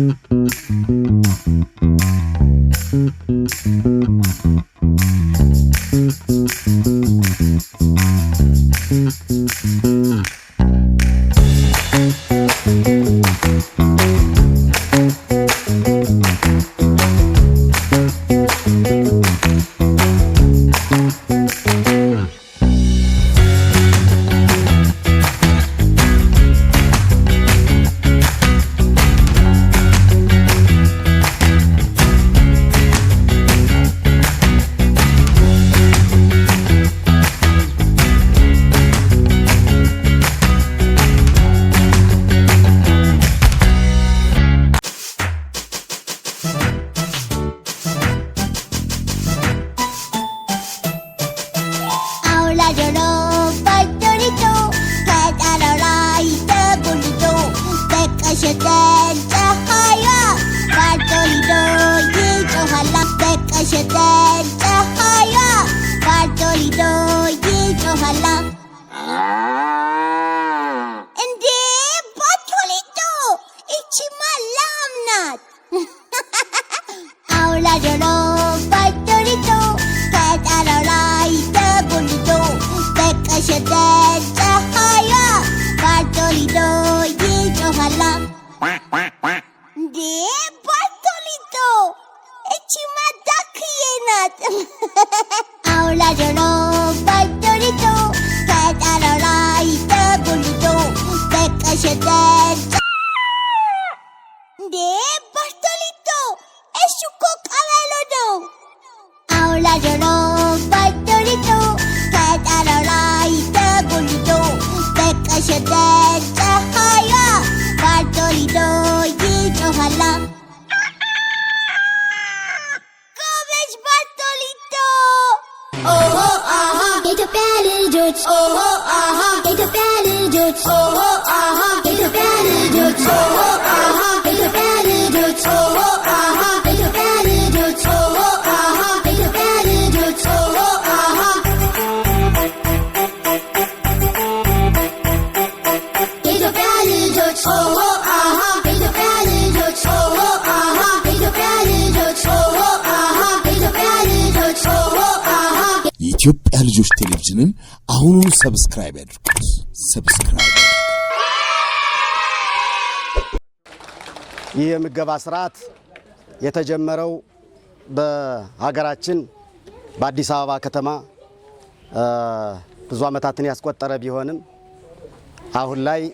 Thank mm-hmm. you. Ahora yo no Pastorito Quedaron ahí de bonito De calle de De Pastorito Es su cocabelo no Ahora yo no Pastorito Quedaron ahí de bonito De calle de जो ओहो आहा ये तो प्यारे जो ओहो आहा ये तो प्यारे जो ओहो የኢትዮጵያ ልጆች ቴሌቪዥንን አሁኑኑ ሰብስክራይብ ያድርጉት። ሰብስክራይብ ይህ የምገባ ስርዓት የተጀመረው በሀገራችን በአዲስ አበባ ከተማ ብዙ ዓመታትን ያስቆጠረ ቢሆንም አሁን ላይ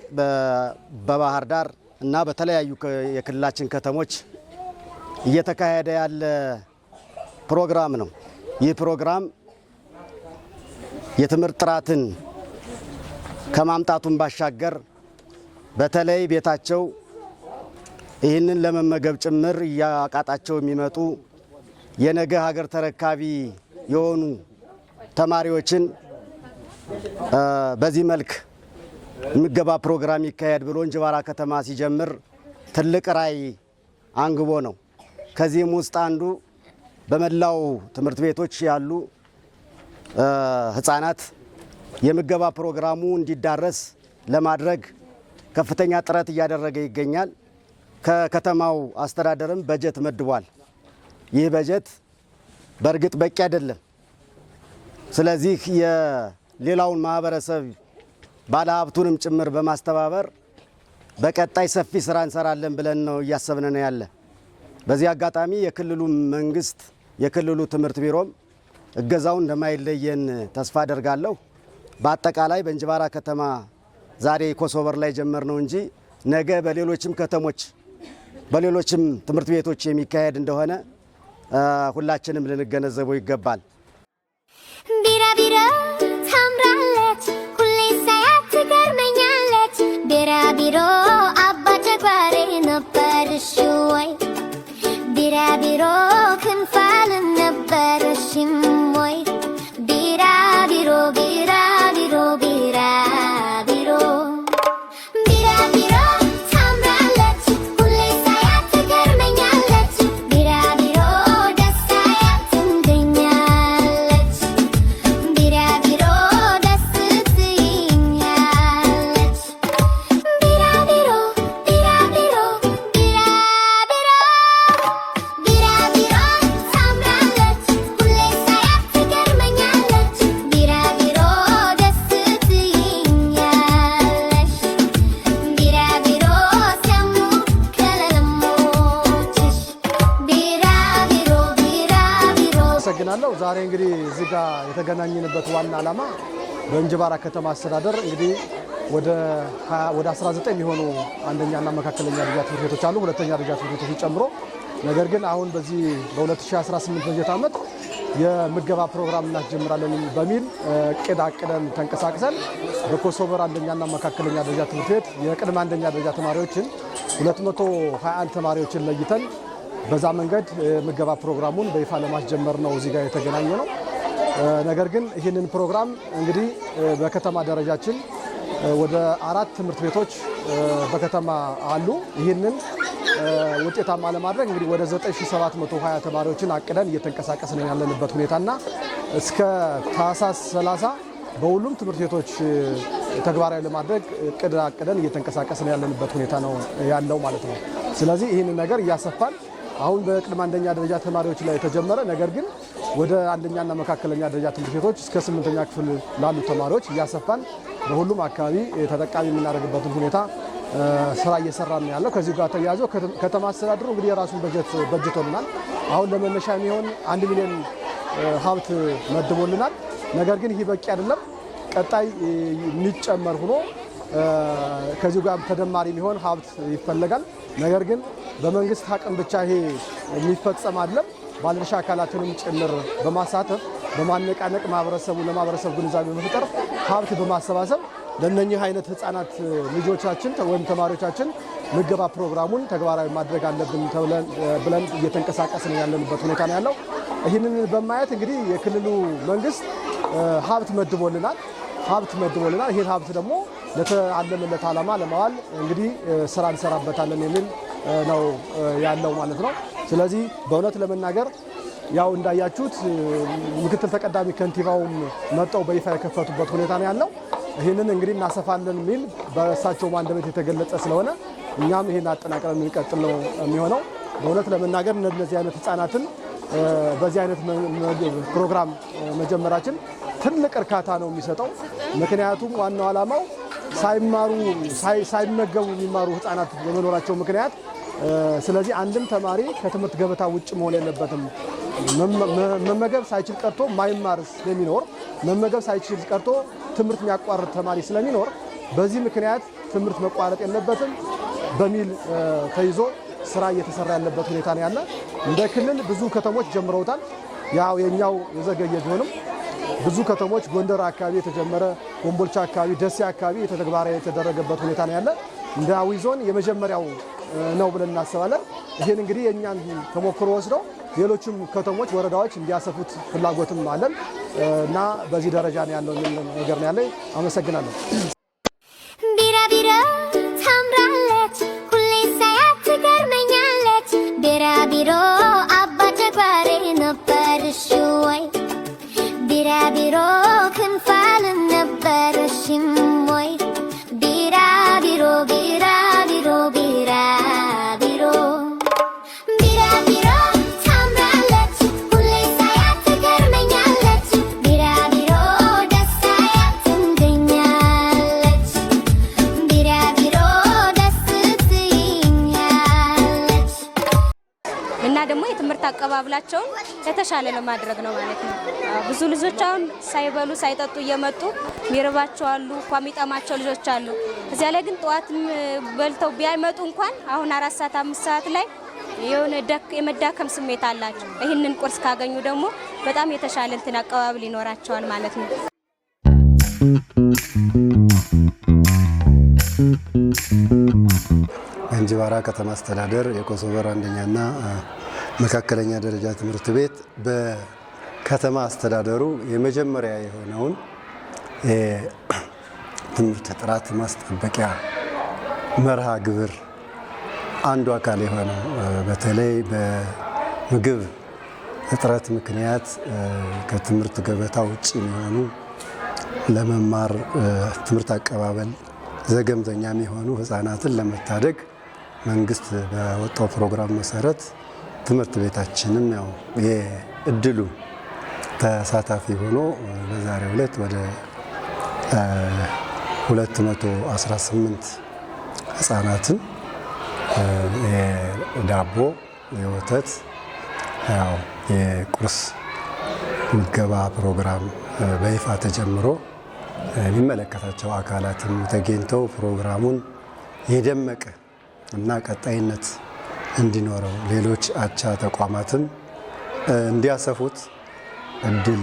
በባህር ዳር እና በተለያዩ የክልላችን ከተሞች እየተካሄደ ያለ ፕሮግራም ነው። ይህ ፕሮግራም የትምህርት ጥራትን ከማምጣቱን ባሻገር በተለይ ቤታቸው ይህንን ለመመገብ ጭምር እያቃጣቸው የሚመጡ የነገ ሀገር ተረካቢ የሆኑ ተማሪዎችን በዚህ መልክ ምገባ ፕሮግራም ይካሄድ ብሎ እንጅባራ ከተማ ሲጀምር ትልቅ ራዕይ አንግቦ ነው። ከዚህም ውስጥ አንዱ በመላው ትምህርት ቤቶች ያሉ ህጻናት የምገባ ፕሮግራሙ እንዲዳረስ ለማድረግ ከፍተኛ ጥረት እያደረገ ይገኛል። ከከተማው አስተዳደርም በጀት መድቧል። ይህ በጀት በእርግጥ በቂ አይደለም። ስለዚህ የሌላውን ማህበረሰብ ባለሀብቱንም ጭምር በማስተባበር በቀጣይ ሰፊ ስራ እንሰራለን ብለን ነው እያሰብን ነው ያለ። በዚህ አጋጣሚ የክልሉ መንግስት የክልሉ ትምህርት ቢሮም እገዛው እንደማይለየን ተስፋ አደርጋለሁ። በአጠቃላይ በእንጅባራ ከተማ ዛሬ ኮሶቨር ላይ ጀመር ነው እንጂ ነገ በሌሎችም ከተሞች በሌሎችም ትምህርት ቤቶች የሚካሄድ እንደሆነ ሁላችንም ልንገነዘበው ይገባል። ቢራቢሮ ታምራለች፣ ሁሌ ሳያት ትገርመኛለች። ቢራቢሮ አባ ወይ ቢራቢሮ him, boy. Did ዛሬ እንግዲህ እዚህ ጋር የተገናኘንበት ዋና ዓላማ በእንጅባራ ከተማ አስተዳደር እንግዲህ ወደ 19 የሚሆኑ አንደኛና መካከለኛ ደረጃ ትምህርት ቤቶች አሉ፣ ሁለተኛ ደረጃ ትምህርት ቤቶችን ጨምሮ። ነገር ግን አሁን በዚህ በ2018 በጀት ዓመት የምገባ ፕሮግራም እናስጀምራለን በሚል እቅድ አቅደን ተንቀሳቅሰን በኮሶበር አንደኛና መካከለኛ ደረጃ ትምህርት ቤት የቅድመ አንደኛ ደረጃ ተማሪዎችን 221 ተማሪዎችን ለይተን በዛ መንገድ ምገባ ፕሮግራሙን በይፋ ለማስጀመር ነው እዚህ ጋር የተገናኘ ነው። ነገር ግን ይህንን ፕሮግራም እንግዲህ በከተማ ደረጃችን ወደ አራት ትምህርት ቤቶች በከተማ አሉ። ይህንን ውጤታማ ለማድረግ እንግዲህ ወደ 9720 ተማሪዎችን አቅደን እየተንቀሳቀስን ያለንበት ሁኔታና እስከ ታህሳስ 30 በሁሉም ትምህርት ቤቶች ተግባራዊ ለማድረግ ቅድ አቅደን እየተንቀሳቀስን ያለንበት ሁኔታ ነው ያለው ማለት ነው። ስለዚህ ይህንን ነገር እያሰፋን አሁን በቅድመ አንደኛ ደረጃ ተማሪዎች ላይ የተጀመረ ነገር ግን ወደ አንደኛና መካከለኛ ደረጃ ትምህርት ቤቶች እስከ ስምንተኛ ክፍል ላሉ ተማሪዎች እያሰፋን በሁሉም አካባቢ ተጠቃሚ የምናደርግበትን ሁኔታ ስራ እየሰራ ነው ያለው። ከዚሁ ጋር ተያይዞ ከተማ አስተዳደሩ እንግዲህ የራሱን በጀት በጅቶልናል። አሁን ለመነሻ የሚሆን አንድ ሚሊዮን ሀብት መድቦልናል። ነገር ግን ይህ በቂ አይደለም። ቀጣይ የሚጨመር ሆኖ ከዚሁ ጋር ተደማሪ የሚሆን ሀብት ይፈለጋል። ነገር ግን በመንግስት አቅም ብቻ ይሄ የሚፈጸም አይደለም። ባለድርሻ አካላትንም ጭምር በማሳተፍ በማነቃነቅ ማህበረሰቡ ለማህበረሰብ ግንዛቤ በመፍጠር ሀብት በማሰባሰብ ለእነኚህ አይነት ህጻናት ልጆቻችን ወይም ተማሪዎቻችን ምገባ ፕሮግራሙን ተግባራዊ ማድረግ አለብን ብለን እየተንቀሳቀስን ያለንበት ሁኔታ ነው ያለው። ይህንን በማየት እንግዲህ የክልሉ መንግስት ሀብት መድቦልናል ሀብት መድቦልናል። ይህን ሀብት ደግሞ ለተአለመለት ዓላማ ለማዋል እንግዲህ ስራ እንሰራበታለን የሚል ነው ያለው ማለት ነው። ስለዚህ በእውነት ለመናገር ያው እንዳያችሁት ምክትል ተቀዳሚ ከንቲባውም መጠው በይፋ የከፈቱበት ሁኔታ ነው ያለው። ይህንን እንግዲህ እናሰፋለን የሚል በእሳቸው አንደበት የተገለጸ ስለሆነ እኛም ይህን አጠናቅረን የሚቀጥል ነው የሚሆነው። በእውነት ለመናገር እነዚህ አይነት ህጻናትን በዚህ አይነት ፕሮግራም መጀመራችን ትልቅ እርካታ ነው የሚሰጠው። ምክንያቱም ዋናው ዓላማው ሳይማሩ ሳይመገቡ የሚማሩ ህጻናት የመኖራቸው ምክንያት ስለዚህ አንድም ተማሪ ከትምህርት ገበታ ውጭ መሆን የለበትም። መመገብ ሳይችል ቀርቶ ማይማር ስለሚኖር መመገብ ሳይችል ቀርቶ ትምህርት የሚያቋርጥ ተማሪ ስለሚኖር በዚህ ምክንያት ትምህርት መቋረጥ የለበትም በሚል ተይዞ ስራ እየተሰራ ያለበት ሁኔታ ነው ያለ። እንደ ክልል ብዙ ከተሞች ጀምረውታል። ያው የኛው የዘገየ ቢሆንም ብዙ ከተሞች ጎንደር አካባቢ የተጀመረ ኮምቦልቻ አካባቢ፣ ደሴ አካባቢ ተግባራዊ የተደረገበት ሁኔታ ነው ያለ። እንደ አዊ ዞን የመጀመሪያው ነው ብለን እናስባለን። ይህን እንግዲህ የእኛን ተሞክሮ ወስደው ሌሎችም ከተሞች፣ ወረዳዎች እንዲያሰፉት ፍላጎትም አለን እና በዚህ ደረጃ ነው ያለው ነገር ነው ያለኝ። አመሰግናለሁ። ቢራቢሮ አባ ወይ บิโรขึ้นฟ้าและนับแต่ละชิม አቀባብላቸውን የተሻለ ለማድረግ ነው ማለት ነው። ብዙ ልጆች አሁን ሳይበሉ ሳይጠጡ እየመጡ የሚርባቸው አሉ፣ እንኳ የሚጠማቸው ልጆች አሉ። እዚያ ላይ ግን ጠዋት በልተው ቢያይመጡ እንኳን አሁን አራት ሰዓት አምስት ሰዓት ላይ የሆነ የመዳከም ስሜት አላቸው። ይህንን ቁርስ ካገኙ ደግሞ በጣም የተሻለ እንትን አቀባበል ይኖራቸዋል ማለት ነው። የእንጅባራ ከተማ አስተዳደር የኮሶበር አንደኛና መካከለኛ ደረጃ ትምህርት ቤት በከተማ አስተዳደሩ የመጀመሪያ የሆነውን የትምህርት ጥራት ማስጠበቂያ መርሃ ግብር አንዱ አካል የሆነው በተለይ በምግብ እጥረት ምክንያት ከትምህርት ገበታ ውጭ የሚሆኑ ለመማር ትምህርት አቀባበል ዘገምተኛ የሚሆኑ ህጻናትን ለመታደግ መንግስት በወጣው ፕሮግራም መሰረት ትምህርት ቤታችንም ያው የእድሉ ተሳታፊ ሆኖ በዛሬው ዕለት ወደ 218 ህጻናትን የዳቦ የወተት ያው የቁርስ ምገባ ፕሮግራም በይፋ ተጀምሮ የሚመለከታቸው አካላትም ተገኝተው ፕሮግራሙን የደመቀ እና ቀጣይነት እንዲኖረው ሌሎች አቻ ተቋማትም እንዲያሰፉት እድል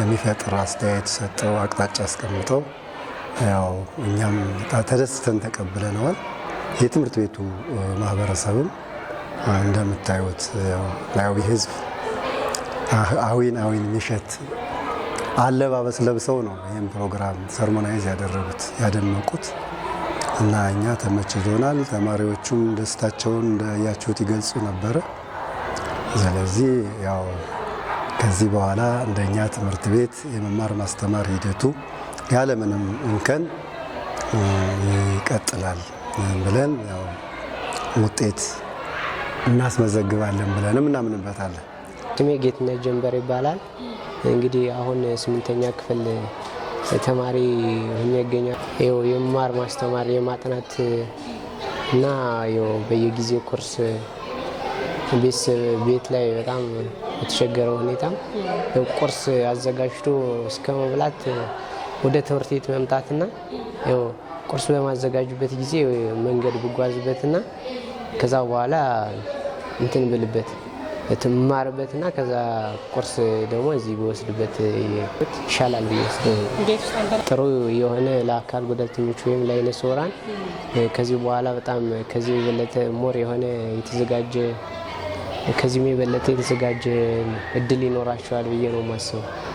የሚፈጥር አስተያየት ሰጠው፣ አቅጣጫ አስቀምጠው ያው እኛም ተደስተን ተቀብለነዋል። የትምህርት ቤቱ ማህበረሰብም እንደምታዩት ያው ህዝብ አዊን አዊን የሚሸት አለባበስ ለብሰው ነው ይህም ፕሮግራም ሰርሞናይዝ ያደረጉት ያደመቁት። እና እኛ ተመችቶናል። ተማሪዎቹም ደስታቸውን እንዳያችሁት ይገልጹ ነበረ። ስለዚህ ያው ከዚህ በኋላ እንደኛ ትምህርት ቤት የመማር ማስተማር ሂደቱ ያለምንም እንከን ይቀጥላል ብለን ያው ውጤት እናስመዘግባለን ብለንም እናምንበታለን። ስሜ ጌትነት ጀንበር ይባላል። እንግዲህ አሁን ስምንተኛ ክፍል ተማሪ ሆኜ እገኛለሁ። የመማር ማስተማር፣ የማጥናት እና በየጊዜው ኮርስ ቤት ላይ በጣም የተቸገረው ሁኔታ ቁርስ አዘጋጅቶ እስከ መብላት ወደ ትምህርት ቤት መምጣትና ቁርስ በማዘጋጅበት ጊዜ መንገድ ብጓዝበትና ከዛ በኋላ እንትን ብልበት ትማርበትና ከዛ ቁርስ ደግሞ እዚህ በወስድበት ይሻላል ብዬ ጥሩ የሆነ ለአካል ጉዳተኞች ወይም ለዓይነ ስውራን ከዚህ በኋላ በጣም ከዚህ የበለጠ ሞር የሆነ የተዘጋጀ ከዚህም የበለጠ የተዘጋጀ እድል ይኖራቸዋል ብዬ ነው ማስበው።